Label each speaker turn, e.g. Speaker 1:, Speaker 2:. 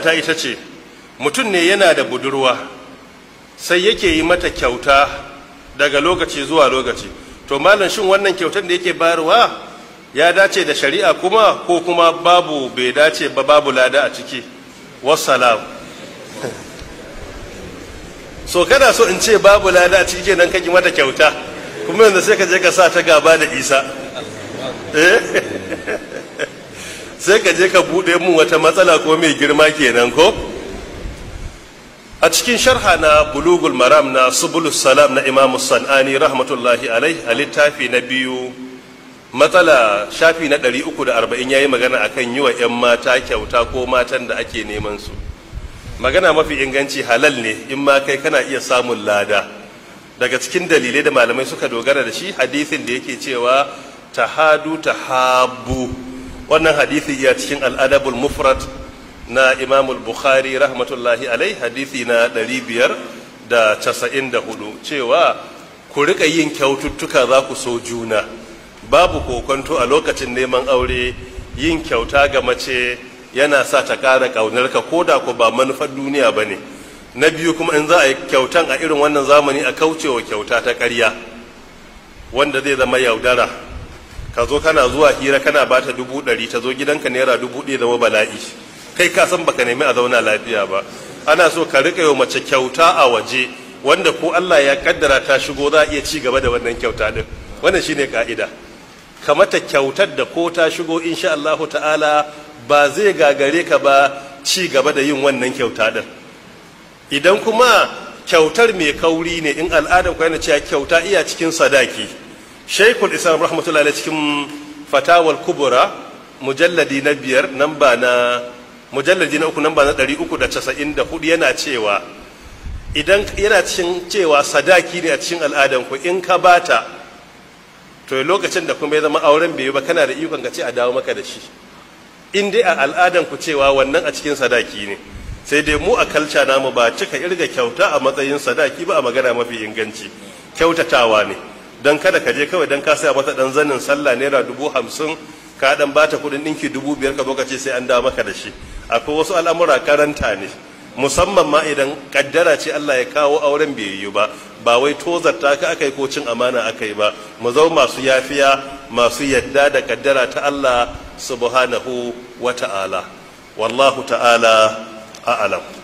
Speaker 1: tambaya ta ita ce mutum ne yana da budurwa sai yake yi mata kyauta daga lokaci zuwa lokaci to malam shin wannan kyautar da yake bayarwa ya dace da shari'a kuma ko kuma babu bai dace ba babu lada a ciki wassalam so kana so in ce babu lada a ciki kenan yi mata kyauta kuma yanzu sai ka je ka sa ta gaba da isa eh? sai ka je ka buɗe mun wata matsala ko mai girma kenan ko a cikin sharha na bulugul maram na subulus salam na imamu san'ani rahmatullahi alai a littafi na biyu matsala shafi na ɗari uku da arba'in ya yi magana akan yi wa 'yan mata kyauta ko matan da ake neman su magana mafi inganci halal ne in ma kai kana iya samun lada daga cikin dalilai da malamai suka dogara da shi hadisin da yake cewa tahadu tahabu wannan hadithi ya cikin al'adabul mufrat na imamul bukhari rahmatullahi alai hadithi na biyar da da casa'in hudu cewa ku rika yin kyaututtuka za ku so juna babu kokonto a lokacin neman aure yin kyauta ga mace yana sa ta ƙara ƙaunarka ko da ku ba manufar duniya ba ne na biyu kuma in za a yi kyautan a irin wannan zamani a kauce wa kyauta ta ƙarya wanda zai zama yaudara ka zo kana zuwa hira kana bata dubu ɗari ta zo gidanka naira dubu ɗaya zama bala'i kai ka san baka nemi a zauna lafiya ba ana so ka riƙa yau mace kyauta a waje wanda ko Allah ya kaddara ta shigo za a iya ci gaba da wannan kyauta din wannan shine ka'ida ka mata kyautar da ko ta shigo insha Allahu ta'ala ba zai gagare ka ba ci gaba da yin wannan kyauta ɗin idan kuma kyautar mai kauri ne in al'adar ku yana cewa kyauta iya cikin sadaki shaikul islam rahmatullahi alaihi cikin fatawal kubura mujalladi na biyar namba na mujalladi na uku namba na ɗari uku da casa'in da hudu yana cewa idan yana cikin cewa sadaki ne a cikin al'adan ku in ka bata to lokacin da kuma ya zama auren bai ba kana da ikon ka ce a dawo maka da shi in dai a al'adan ku cewa wannan a cikin sadaki ne sai dai mu a kalca namu ba cika irga kyauta a matsayin sadaki ba a magana mafi inganci kyautatawa ne don kada ka je kawai don ka saya mata dan zanin sallah naira dubu hamsin ka dan bata kuɗin ɗinki dubu biyar ka zo ka ce sai an dawo maka da shi akwai wasu al'amura karanta ne musamman ma idan kaddara ce Allah ya kawo auren bai yiwu ba ba wai tozarta ka aka yi ko cin amana aka yi ba mu zau masu yafiya masu yadda da kaddara ta Allah subhanahu wa ta'ala wallahu ta'ala a'lam